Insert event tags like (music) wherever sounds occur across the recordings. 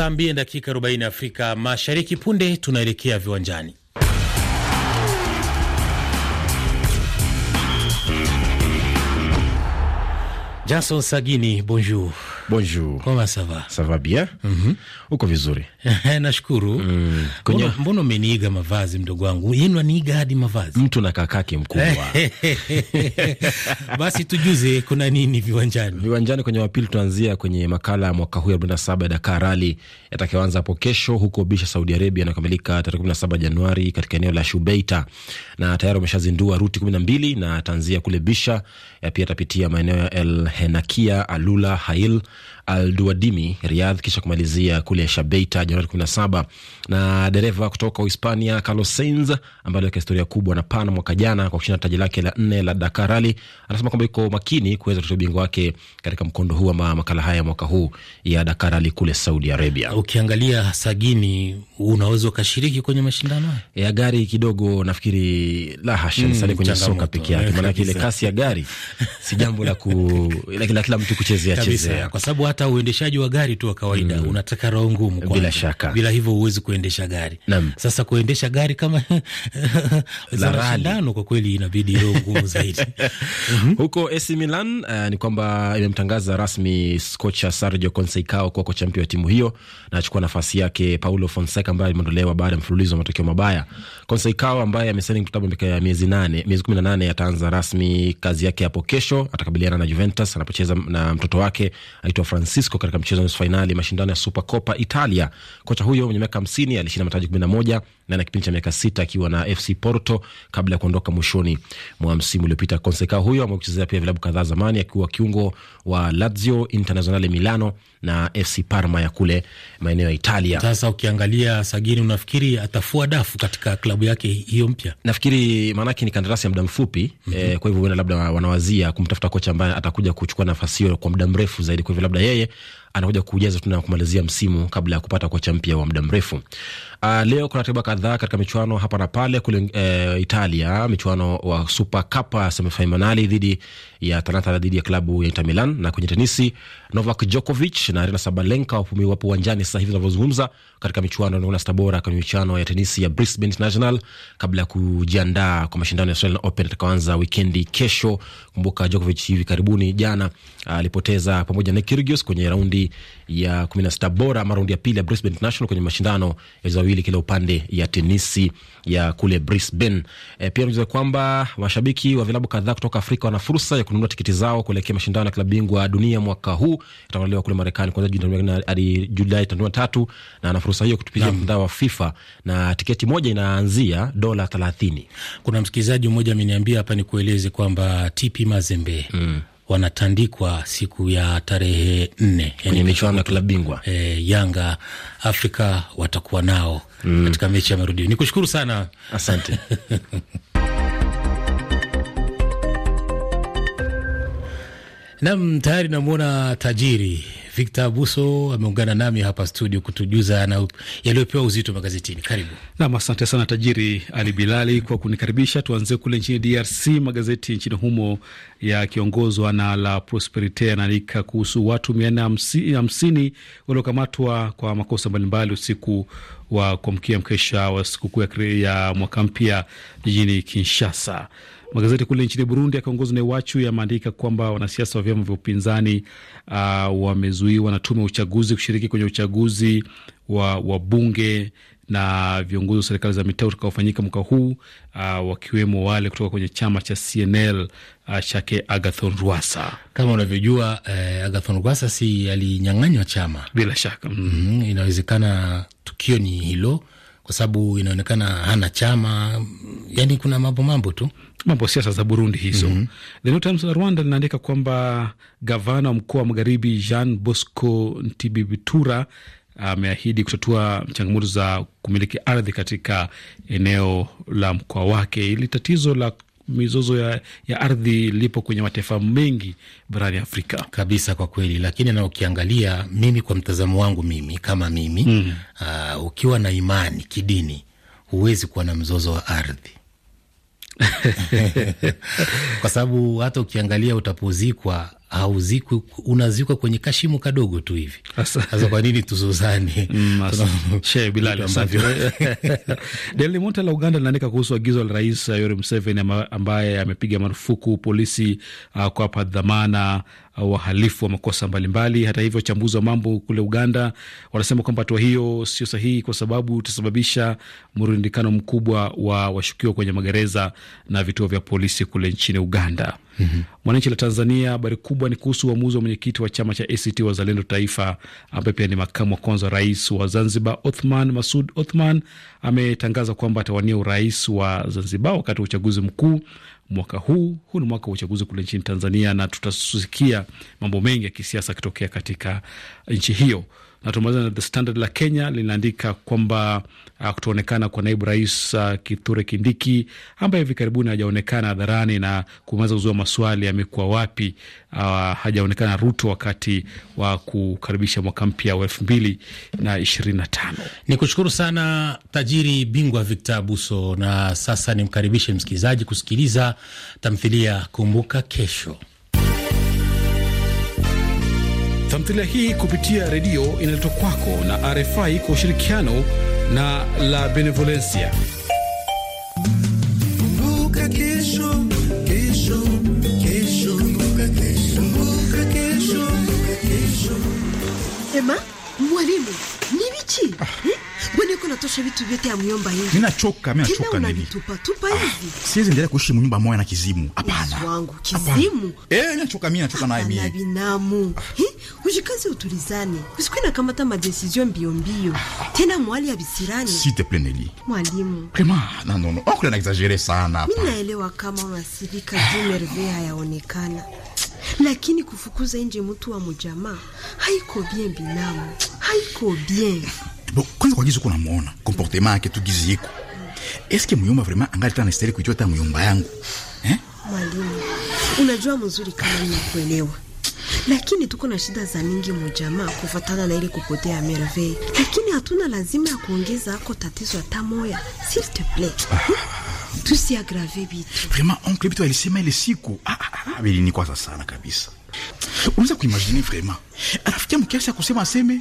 Saa 2 dakika 40 Afrika Mashariki. Punde tunaelekea viwanjani. Jason Sagini, bonjour. Bonjour. Comment ça va? Ça va bien? Mm -hmm. Uko vizuri? Eh, nashukuru. Mm. Kwenye... Mbona umeniiga mavazi mdogo wangu? Yenu aniiga hadi mavazi. Mtu na kakake mkubwa. (laughs) Basi tujuze kuna nini viwanjani? Viwanjani kwenye wapili tuanzia kwenye makala ya mwaka huu ya 47 ya Dakar Rally yatakayoanza hapo kesho huko Bisha, Saudi Arabia na nakamilika tarehe 17 Januari katika eneo la Shubeita, na tayari wameshazindua ruti 12 na ataanzia kule Bisha, ya pia atapitia maeneo ya El Henakia, Alula, Hail Alduadimi Riyadh, kisha kumalizia kule Shabeita Januari 17, na dereva kutoka Uhispania Carlos Sainz ambaye aliweka historia kubwa na pana mwaka jana kwa kushinda taji lake la nne la Dakar Rally, anasema kwamba yuko makini kuweza kutoa ubingwa wake katika mkondo huu ama makala haya mwaka huu ya Dakar Rally kule Saudi Arabia. Ukiangalia Sagini, unaweza ukashiriki kwenye mashindano e, ya gari kidogo, nafikiri la hasha, mm, sali kwenye soka peke yake, (laughs) maanake ile kasi ya gari si jambo la (laughs) kila mtu kuchezea chezea sababu hata uendeshaji wa gari tu wa kawaida mm. unataka roho ngumu, kwa bila shaka, bila hivyo huwezi kuendesha gari Nam. Sasa kuendesha gari kama (laughs) za mashindano kwa kweli inabidi roho ngumu zaidi (laughs) mm-hmm. huko AC Milan uh, ni kwamba imemtangaza rasmi kocha Sergio Conceicao kuwa kocha mpya wa timu hiyo na achukua nafasi yake Paulo Fonseca ambaye alimeondolewa baada ya mfululizo wa matokeo mabaya. Conceicao ambaye amesaini mkataba wa miezi nane miezi kumi na nane ataanza rasmi kazi yake hapo kesho, atakabiliana na Juventus anapocheza na mtoto wake aitwa Francisco katika mchezo nusu fainali mashindano ya Supercopa Italia. Kocha huyo mwenye miaka hamsini alishinda mataji kumi na moja na na kipindi cha miaka sita akiwa na FC Porto kabla ya kuondoka mwishoni mwa msimu uliopita. Conseca huyo amekuchezea pia vilabu kadhaa zamani akiwa kiungo wa Lazio, Internazionale Milano na FC Parma ya kule maeneo ya Italia. Sasa ukiangalia Sagini, unafikiri atafua dafu katika klabu yake hiyo mpya? Nafikiri maanake ni kandarasi ya muda mfupi mm -hmm. Eh, kwa hivyo huenda labda wanawazia kumtafuta kocha ambaye atakuja kuchukua nafasi hiyo kwa muda mrefu zaidi kwa hivyo labda yeye anakuja kujaza tu na kumalizia msimu kabla ya kupata kocha mpya wa muda mrefu. Uh, leo kuna ratiba kadhaa katika michuano hapa na pale kule uh, Italia, michuano wa Super Cup ah, semifainali dhidi ya Tanata dhidi ya klabu ya Inter Milan, na kwenye tenisi Novak Djokovic na Arena Sabalenka wapumi wapo uwanjani sasa hivi tunavyozungumza katika michuano ya Stabora kwenye michuano ya tenisi ya Brisbane International kabla ya kujiandaa kwa mashindano ya Australian Open atakaoanza wikendi kesho. Kumbuka Djokovic hivi karibuni jana alipoteza pamoja na Kyrgios kwenye raundi ya 16 bora ama raundi ya pili ya Brisbane International kwenye mashindano ya yalizowawili kila upande ya tenisi ya kule Brisbane. E, pia niuze kwamba mashabiki wa vilabu kadhaa kutoka Afrika wana fursa ya kununua tiketi zao kuelekea mashindano ya klabu bingwa dunia mwaka huu yataandaliwa kule Marekani kuanzia Juni hadi Julai tatu, na ana fursa hiyo kutupitia mtandao wa FIFA na tiketi moja inaanzia dola 30. Kuna msikilizaji mmoja ameniambia hapa, nikueleze kwamba TP Mazembe mm wanatandikwa siku ya tarehe nne yani michuano ya klabu bingwa e, Yanga Afrika watakuwa nao mm, katika mechi ya marudio. Ni kushukuru sana, asante (laughs) nam. Tayari namwona tajiri Victor Abuso ameungana nami hapa studio kutujuza na yaliyopewa uzito magazetini. Karibu nam. Asante sana tajiri Ali Bilali kwa kunikaribisha. Tuanzie kule nchini DRC. Magazeti nchini humo yakiongozwa na La Prosperite yanaandika kuhusu watu mia nne hamsini waliokamatwa kwa makosa mbalimbali usiku wa kuamkia mkesha wa sikukuu ya mwaka mpya jijini Kinshasa. Magazeti kule nchini Burundi yakiongozwa na Iwachu yameandika kwamba wanasiasa wa vyama vya upinzani uh, wamezuiwa na tume ya uchaguzi kushiriki kwenye uchaguzi wa, wa bunge na viongozi wa serikali za mitaa utakaofanyika mwaka huu uh, wakiwemo wale kutoka kwenye chama cha CNL uh, chake Agathon Rwasa. Kama unavyojua eh, Agathon Rwasa si alinyang'anywa chama bila shaka. mm -hmm. Inawezekana tukio ni hilo kwa sababu inaonekana hana chama, yani kuna mambo mambo tu mambo siasa za Burundi hizo. mm -hmm. The New Times la Rwanda linaandika kwamba gavana wa mkoa wa magharibi Jean Bosco Ntibibitura ameahidi kutatua changamoto za kumiliki ardhi katika eneo la mkoa wake, ili tatizo la mizozo ya, ya ardhi lipo kwenye mataifa mengi barani Afrika kabisa kwa kweli. Lakini na ukiangalia, mimi kwa mtazamo wangu, mimi kama mimi mm. uh, ukiwa na imani kidini huwezi kuwa na mzozo wa ardhi (laughs) (laughs) kwa sababu hata ukiangalia utapozikwa hauzikwi, unazikwa kwenye kashimo kadogo tu hivi. Sasa kwa nini mm, (laughs) Daily Monitor la Uganda linaandika kuhusu agizo la Rais Yoweri Museveni ambaye amepiga marufuku polisi uh, kuwapa dhamana uh, wahalifu wa makosa mbalimbali. Hata hivyo, wachambuzi wa mambo kule Uganda wanasema kwamba hatua hiyo sio sahihi kwa sababu utasababisha mrundikano mkubwa wa washukiwa kwenye magereza na vituo vya polisi kule nchini Uganda mm -hmm. Mwananchi la Tanzania, habari kubwa ni kuhusu uamuzi wa mwenyekiti wa chama cha ACT Wazalendo Taifa, ambaye pia ni makamu wa kwanza wa rais wa Zanzibar, Othman Masud Othman ametangaza kwamba atawania urais wa Zanzibar wakati wa uchaguzi mkuu mwaka huu. Huu ni mwaka wa uchaguzi kule nchini Tanzania, na tutasikia mambo mengi ya kisiasa akitokea katika nchi hiyo. Na tumaliza na The Standard la Kenya linaandika kwamba uh, kutoonekana kwa naibu rais uh, Kithure Kindiki ambaye hivi karibuni hajaonekana hadharani na kumeweza kuzua maswali amekuwa wapi. Uh, hajaonekana Ruto wakati wa kukaribisha mwaka mpya wa elfu mbili na ishirini na tano. Ni kushukuru sana tajiri bingwa Victor Abuso, na sasa nimkaribishe msikilizaji kusikiliza tamthilia Kumbuka Kesho. Tamthilia hii kupitia redio inaletwa kwako na RFI kwa ushirikiano na La Benevolencia. Ema, mwalimu, ni niko natosha vitu vyote ya myomba hivi? Mimi nachoka, mimi nachoka nini? Unavitupa tupa ah, hivi. Ah, siwezi endelea kuishi mnyumba moja na kizimu. Hapana. Wangu kizimu. Eh, mimi nachoka, mimi nachoka naye mimi. Na binamu. Hi, ujikaze utulizane. Usikwe na kamata ma decision mbio mbio. Tena mwali ya bisirani. S'il te plaît Nelly. Mwalimu. Kema, na non non. Oncle anaexagere oh, sana hapa. Mimi naelewa kama unasirika juu merveille hayaonekana. Lakini kufukuza nje mtu wa mjamaa haiko bien binamu. Haiko bien. Bo, kwanza kwa gizi kunamuona comportement yake tu gizi iko eske muyumba vraiment angali tena nastahili kuitwa hata muyumba yangu eh? Mwalimu, unajua mzuri kama ninakuelewa, lakini tuko na shida za mingi mujamaa kufatana na ile kupotea Merveille, lakini hatuna lazima ya kuongeza ako tatizo hata moya, s'il te plait ah. hmm? tusiagrave bitu. Vraiment oncle, bitu alisema ile siku ah, ah, ah, ni kwa sana kabisa. Unaweza kuimagine vraiment rafiki mkiasi ya kusema aseme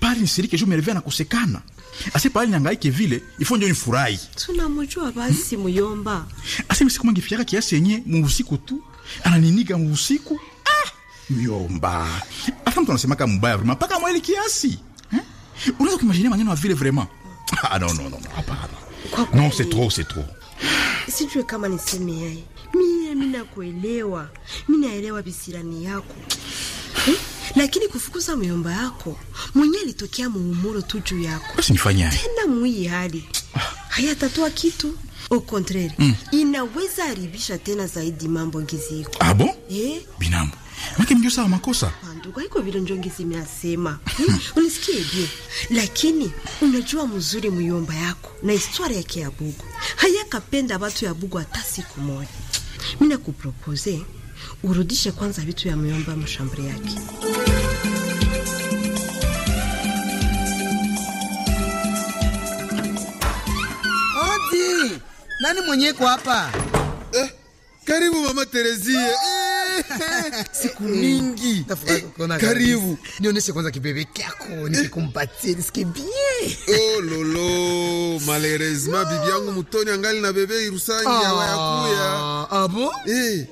pale nisirike juu Melvia anakosekana. Ase pale niangaike vile ifo ndio nifurahi. Tunamjua basi hmm. Muyomba. Ase msiku mangi fiaka kiasi yenye muusiku tu ananiniga muusiku. Ah, Muyomba. Afa mtu anasemaka mubaya mbaya vrema paka mweli kiasi. Eh? Unaweza kumajinia maneno ya vile vrema. Ah, no no no no. Hapana. Non, c'est trop, c'est trop. Sijue kama niseme yai Mimi minakuelewa. Minaelewa bisirani yako. Eh? lakini kufukuza muyomba yako mwenye alitokea muumuro tu juu yako. tena mwii hali hayatatua kitu au contraire mm. inaweza haribisha tena zaidi mambo ngizi abo eh? binamu make mndio sawa makosa panduka ah, iko vile njongi zimeasema. hmm? (laughs) unisikie bie lakini unajua mzuri muyomba yako na historia yake ya bugu hayakapenda watu ya bugu hata siku moja mina kupropose urudishe kwanza vitu ya muyomba mshambri yake Nani mwenye kwa hapa? Eh, karibu mama Terezie. Eh, (laughs) siku hmm. mingi. Eh, karibu. Nionyeshe kwanza kibebe kyako eh. nikikumpatie nisikie bien. Oh lolo, malheureusement ah. bibi yangu mutoni angali na bebe irusangi ah, abayakuya. Abo? Ah, eh.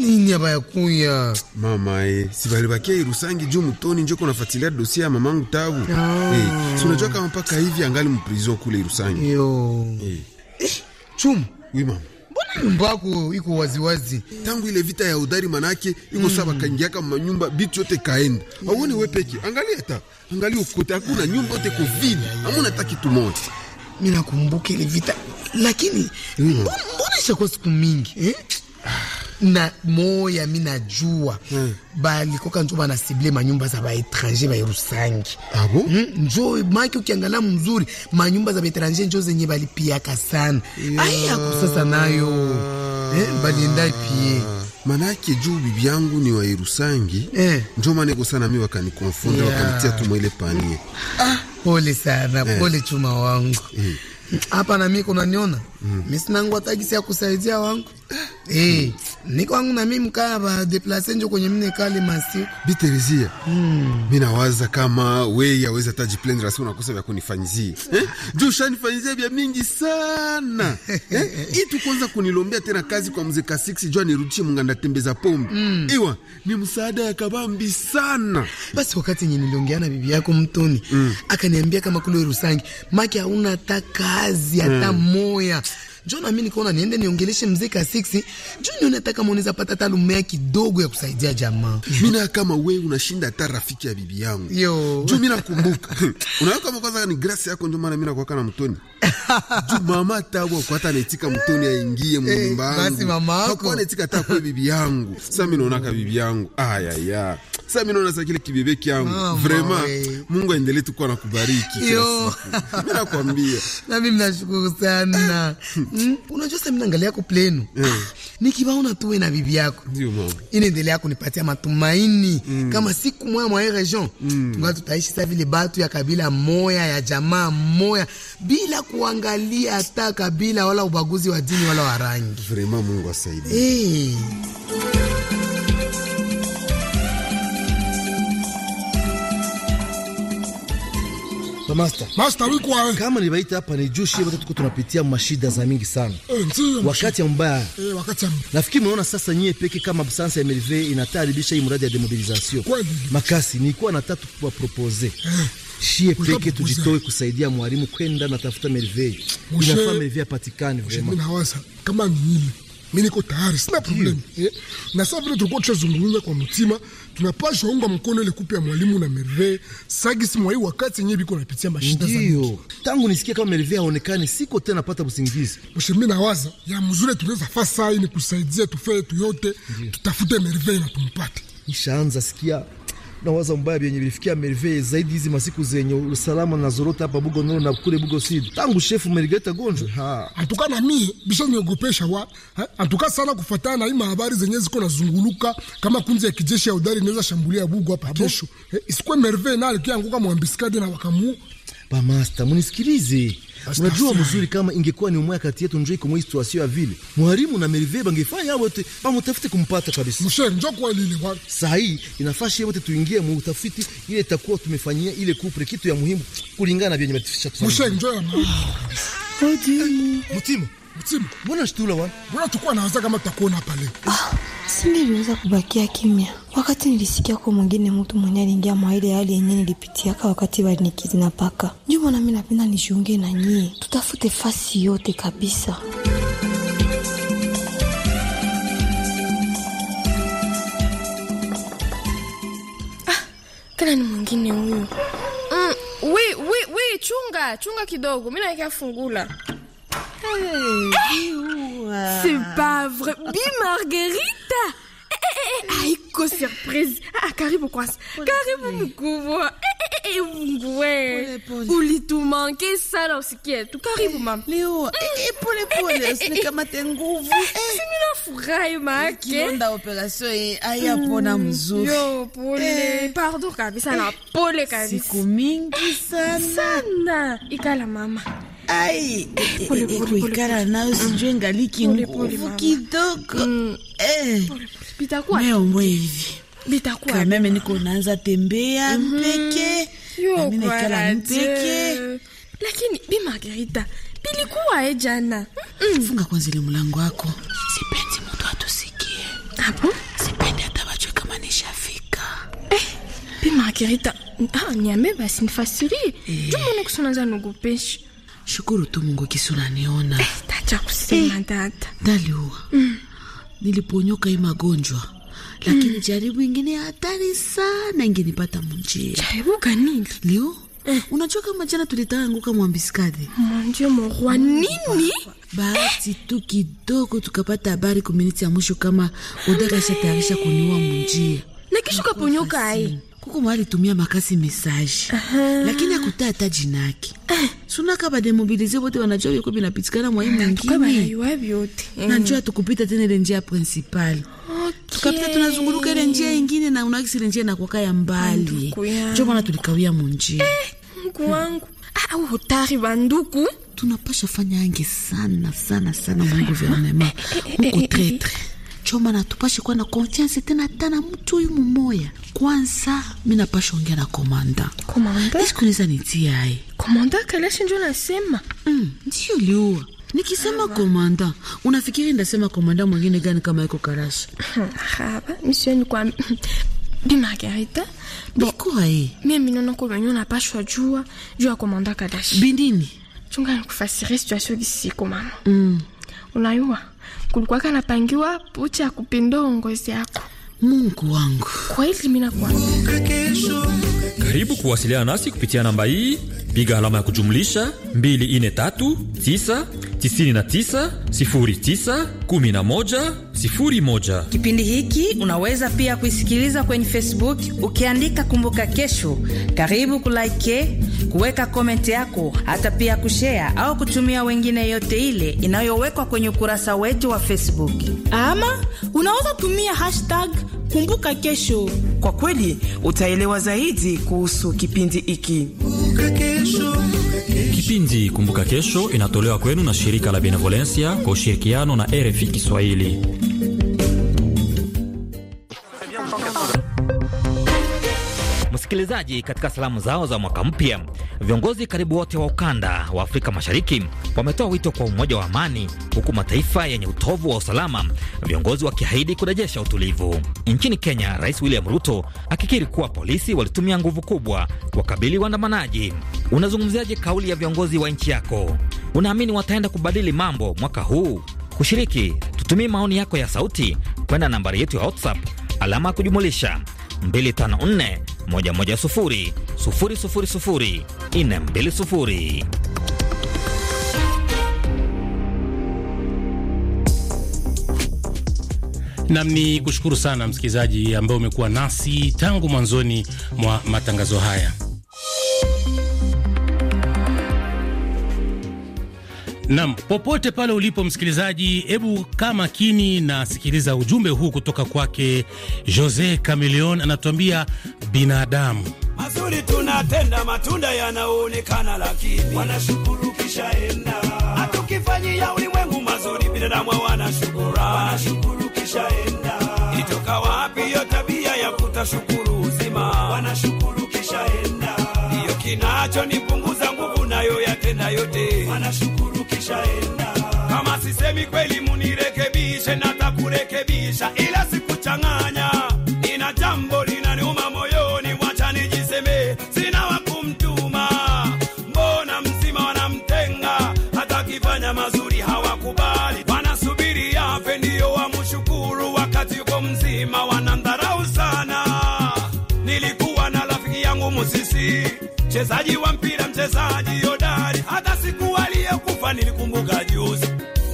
Nini abayakuya? Mama eh, si bali bakia irusangi juu mutoni njoo kunafuatilia dosia ya mamangu Tabu. Ah. Eh, si unajua kama mpaka hivi angali mprizo kule irusangi. Yo. Eh. Chum, oui mama. Mbona nyumba yako iko waziwazi tangu ile vita ya udari? Manake iko mm. kangiaka manyumba bitu yote kaenda mm. auone we peke angalia, ta angalia ukote hakuna nyumba yote covid, hamuna hata kitu moja. Mimi nakumbuka ile vita lakini mbona mm. ishakuwa siku mingi eh? na moya mi najua mm. balikoka njo banasible manyumba za baetranger bairusangi abo ah mm, njo maki ukiangalia mzuri manyumba za baetranger njo zenye balipiaka sana yeah. ayako sasa nayo eh, balienda pie manake juu bibi yangu ni wairusangi eh. njo maneko sana mi wakanikonfunda yeah. wakanitia tumwa panie ah. pole sana eh. pole chuma wangu eh hapa na mimi kunaniona mm. mimi sina nguvu hata kisi ya kusaidia wangu eh hey, mm. niko wangu na mimi mkaa ba deplace nje kwenye mne kale masiku biterizia mm. mimi nawaza kama wewe yaweza taji plan rasmi unakosa vya kunifanyizia eh juu shanifanyizia vya mingi sana eh (laughs) itu kwanza kunilombea tena kazi kwa mzee Kasix jua nirudishe munganda tembeza pombe mm. iwa ni msaada ya kabambi sana basi wakati niliongea niliongeana bibi yako mtoni mm. akaniambia kama kule Rusangi maki hauna taka kazi hata hum. moya John nami nikaona niende niongeleshe mzee Kasiksi. John nione nataka muoneza pata talumea kidogo ya kusaidia jamaa. Mimi kama wewe unashinda hata rafiki ya bibi yangu. Yo. Juu mimi nakumbuka. (laughs) Unaweka kama kwanza ni grace yako ndio maana mimi nakuwa kana mtoni. Juu mama tabu kwa hata anaitika mtoni aingie mnyumbani. Eh, hey, basi mama yako. anaitika hata kwa bibi yangu. Sasa mimi naona bibi yangu. Aya ah, ya. Sasa mimi naona sasa kile kibebe kyangu. Vraiment Mungu aendelee tu kuwa nakubariki. Yo. Mimi nakwambia. (laughs) Na mimi nashukuru sana. (laughs) mm, unajua sa mimi yako plenu yeah. Ah, tuwe na bibi yako inaendelea kunipatia matumaini mm. Kama siku moya mwa region mm. tunga tutaishi sa vile batu ya kabila moya ya jamaa moya bila kuangalia hata kabila wala ubaguzi wa dini wala wa rangi. Vraiment Mungu asaidie. Hey. Eh. master. Master wiko wawe. Kama nibaita hapa ni juu shie watu tuko tunapitia mashida za mingi sana. E, eh, ndio. Wakati mbaya. Eh, wakati mbaya. Nafikiri mnaona sasa nyie peke kama absence ya MRV inataribisha hii mradi ya demobilisation. Kweli. Makasi nilikuwa na tatu kwa proposer. Eh. Shie peke tujitoe kusaidia mwalimu kwenda na tafuta MRV. Inafaa MRV apatikane vraiment. Mimi nawaza kama ni mimi mi niko tayari, sina problemu eh. Na sasa vile tulikuwa tushazungumza kwa mtima, tunapashwa unga mkono ile kupe ya mwalimu na Merve sagisi mwai, wakati yenyewe biko napitia mashida za ndio tangu nisikia kama Merve haonekani, siko tena pata busingizi mshe. Mimi nawaza ya mzuri tunaweza fasa hii ni kusaidia, tufanye tu yote, tutafute Merve na tumpate. Nishaanza sikia tunawaza mbaya vyenye vilifikia Merveille zaidi hizi masiku zenye usalama na zorota hapa Bugo Nord na kule Bugo sid tangu shefu merigeta Gonjwe ha atuka na mimi bisha niogopesha wa ha? atuka sana kufatana na hii mahabari zenye ziko na zunguluka kama kunzi ya kijeshi ya udari inaweza shambulia Bugo hapa kesho isikuwe Merveille na anguka mwambisikadi na wakamu ba master munisikilize Unajua mzuri kama ingekuwa ni umwe kati yetu, njo kumwe mwi situasio ya vile mwalimu na Merive bangefanya wote bamutafute kumpata kabisa. Mshe njo kwa lili bwana, saa hii inafaa shie wote tuingie mu utafiti, ile itakuwa tumefanyia ile kupre kitu ya muhimu kulingana na vyenye matifisha tu. Mshe njo ya mutima oh, eh, mutima, mbona shtula wana, mbona tukua naanza kama tutakuona pale ah. Singeliweza kubakia kimya wakati nilisikia kwa mwingine mtu mwenye aliingia mwa ile hali yenye nilipitiaka wakati walinikizi na paka Juma, nami napenda nishiunge na nyie, tutafute fasi yote kabisa. Ah, tena ni mwingine huyu. Mm, we, we, we, chunga chunga kidogo, mi naekea fungula hey, eh, eh, hey, c'est pas vrai bi Marguerite Dada, haiko eh, eh, eh, ah, surprise. Ah, ah karibu kwanza, karibu mkubwa. Wewe ulitumanke sana, usikie tu. Karibu mama. Leo pole pole, usikamate nguvu. Furahi make nda operation hii hayapona mm. mzuri. Yo, pole pardon kabisa na pole kabisa, siku mingi sana sana. Ikala mama ai kuikara nayo sijui mm. ngaliki nguvu kidogo meombo hivi kameme niko naanza tembea mhm. mpeke namenekala mpeke lakini bi Margarita bilikuwa e jana funga kwanza ile mlango wako sipendi mtu atusikie hapo sipendi atabajwe kama nishafika eh. bi Margarita ah, basi nifasirie eh. jumone kusonaza nogopesha shukuru tu Mungu kisi unaniona. Eh, tacha kusema eh, dada ndaliua mm. niliponyoka hii magonjwa lakini mm. jaribu ingine hatari sana ingenipata munjia. Jaribu kanili lio eh. Unajua kama jana tulitaanguka Mwambisikadi mwanjio morwa mm. nini basi eh. tu kidogo tukapata habari kuminiti ya mwisho kama odaka shatayarisha kuniua munjia na kisha kaponyoka ai kuko mwalitumia makasi mesaji lakini akuta hata jinaki uh -huh. Eh. sunaka bademobilize bote wanajua vyoko vinapitikana mwai ah, mwingine eh. nanjua tukupita tena ile njia principal tukapita tunazunguluka ile njia ingine na unakisi ile njia kwa kaya mbali njo mwana tulikawia munjia eh, mku wangu ah, au ah, hotari banduku tunapasha fanya ange sana sana sana mwangu vyonema eh, uko tretre chomana tupashe kuwa na konfiansi tena tana mtu uyu mumoya. Kwanza minapasha ongea na komanda. Komanda sikuneza nitia ai komanda Kalesi njo nasema mm, ndiyo liua nikisema komanda, unafikiri ndasema komanda mwingine gani kama (laughs) (clears throat) iko Kalashi? haba misioni kwa bimagarita Mie minono kwa kolonyo napashwa jua juu komanda kadashi. bindini chunga nikufasiria situasyo gisi iko mama mm. unayua kulikuwa kanapangiwa pucha ya kupindua ngozi yako. Mungu wangu, hili mina kwa karibu kuwasiliana nasi kupitia namba hii, piga alama ya kujumlisha 243999091101. Kipindi hiki unaweza pia kuisikiliza kwenye Facebook ukiandika kumbuka kesho. Karibu kulaike kuweka komenti yako, hata pia kushea au kutumia wengine yote ile inayowekwa kwenye ukurasa wetu wa Facebook. Ama unaweza tumia hashtag kumbuka kesho. Kwa kweli utaelewa zaidi kuhusu kipindi hiki. Kipindi Kumbuka Kesho inatolewa kwenu na shirika la Benevolencia kwa ushirikiano na RFI Kiswahili. wasikilizaji katika salamu zao za mwaka mpya, viongozi karibu wote wa ukanda wa Afrika Mashariki wametoa wito kwa umoja wa amani, huku mataifa yenye utovu wa usalama viongozi wakiahidi kurejesha utulivu. Nchini Kenya, Rais William Ruto akikiri kuwa polisi walitumia nguvu kubwa wakabili waandamanaji. Unazungumziaje kauli ya viongozi wa nchi yako? Unaamini wataenda kubadili mambo mwaka huu? Kushiriki, tutumie maoni yako ya sauti kwenda nambari yetu ya WhatsApp alama ya kujumulisha Nam ni kushukuru sana msikilizaji ambaye umekuwa nasi tangu mwanzoni mwa matangazo haya. Nam, popote pale ulipo msikilizaji, hebu kaa makini na sikiliza ujumbe huu kutoka kwake Jose Camilion, anatuambia binadamu mazuri tunatenda, matunda yanaonekana, lakini wanashukuru kisha enda. Hatukifanyia ulimwengu mazuri, binadamu wanashukuru, wanashukuru kisha enda. Ilitoka wapi hiyo tabia ya kutashukuru uzima? Wanashukuru kisha enda, hiyo kinacho ni nimeshaenda. Kama sisemi kweli munirekebishe, natakurekebisha ila sikuchanganya. Nina jambo linaniuma moyoni, wacha nijiseme, sina wa kumtuma. Mbona mzima wanamtenga, hata akifanya mazuri hawakubali, wanasubiri yafe ndiyo wamshukuru, wakati uko mzima wanamdharau sana. Nilikuwa na rafiki yangu Musisi, mchezaji wa mpira, mchezaji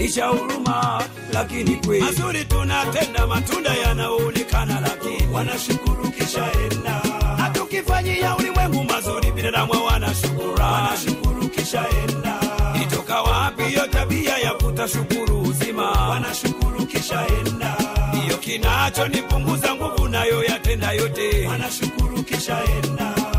lisha huruma, lakini kweli mazuri tunatenda, matunda yanaonekana, lakini wanashukuru kisha enda na tukifanyia ulimwengu mazuri, binadamu wanashukuru, wanashukuru kisha enda. Itoka wapi hiyo tabia ya kutashukuru uzima? Wanashukuru kisha enda. Ndiyo kinacho nipunguza nguvu, nayo yatenda yote, wanashukuru kisha enda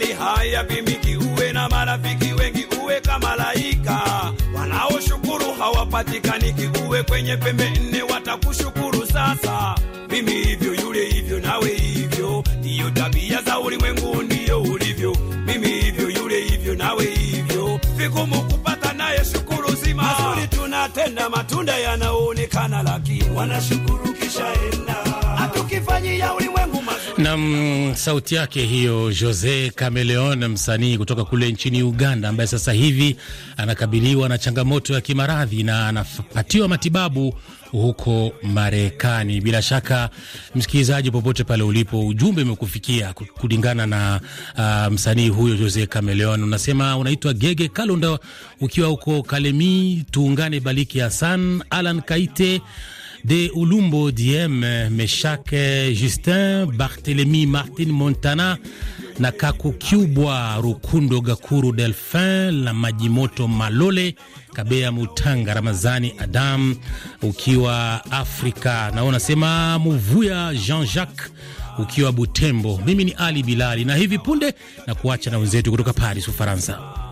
mali haya vimiki, uwe na marafiki wengi, uwe kama malaika. Wanaoshukuru hawapatikaniki, uwe kwenye pembe nne, watakushukuru. Sasa mimi hivyo, yule hivyo, nawe hivyo, ndiyo tabia za ulimwengu, ndiyo ulivyo. Mimi hivyo, yule hivyo, nawe hivyo, vigumu kupata naye shukuru zima. Mazuri tunatenda, matunda yanaonekana, lakini wanashukuru kisha hela hatukifanyia Nam, sauti yake hiyo, Jose Cameleon, msanii kutoka kule nchini Uganda, ambaye sasa hivi anakabiliwa na changamoto ya kimaradhi na anapatiwa matibabu huko Marekani. Bila shaka, msikilizaji, popote pale ulipo, ujumbe umekufikia kulingana na uh, msanii huyo Jose Cameleon. Unasema unaitwa Gege Kalunda ukiwa huko Kalemi. Tuungane Baliki Hassan, Alan Kaite de Ulumbo Diem, Meshak Justin, Barthélemy Martin Montana na Kaku Kyubwa Rukundo Gakuru Delfin la Majimoto Malole Kabea Mutanga Ramazani Adam ukiwa Afrika na unasema Muvuya Jean-Jacques ukiwa Butembo. Mimi ni Ali Bilali na hivi punde na kuacha na wenzetu kutoka Paris, Ufaransa.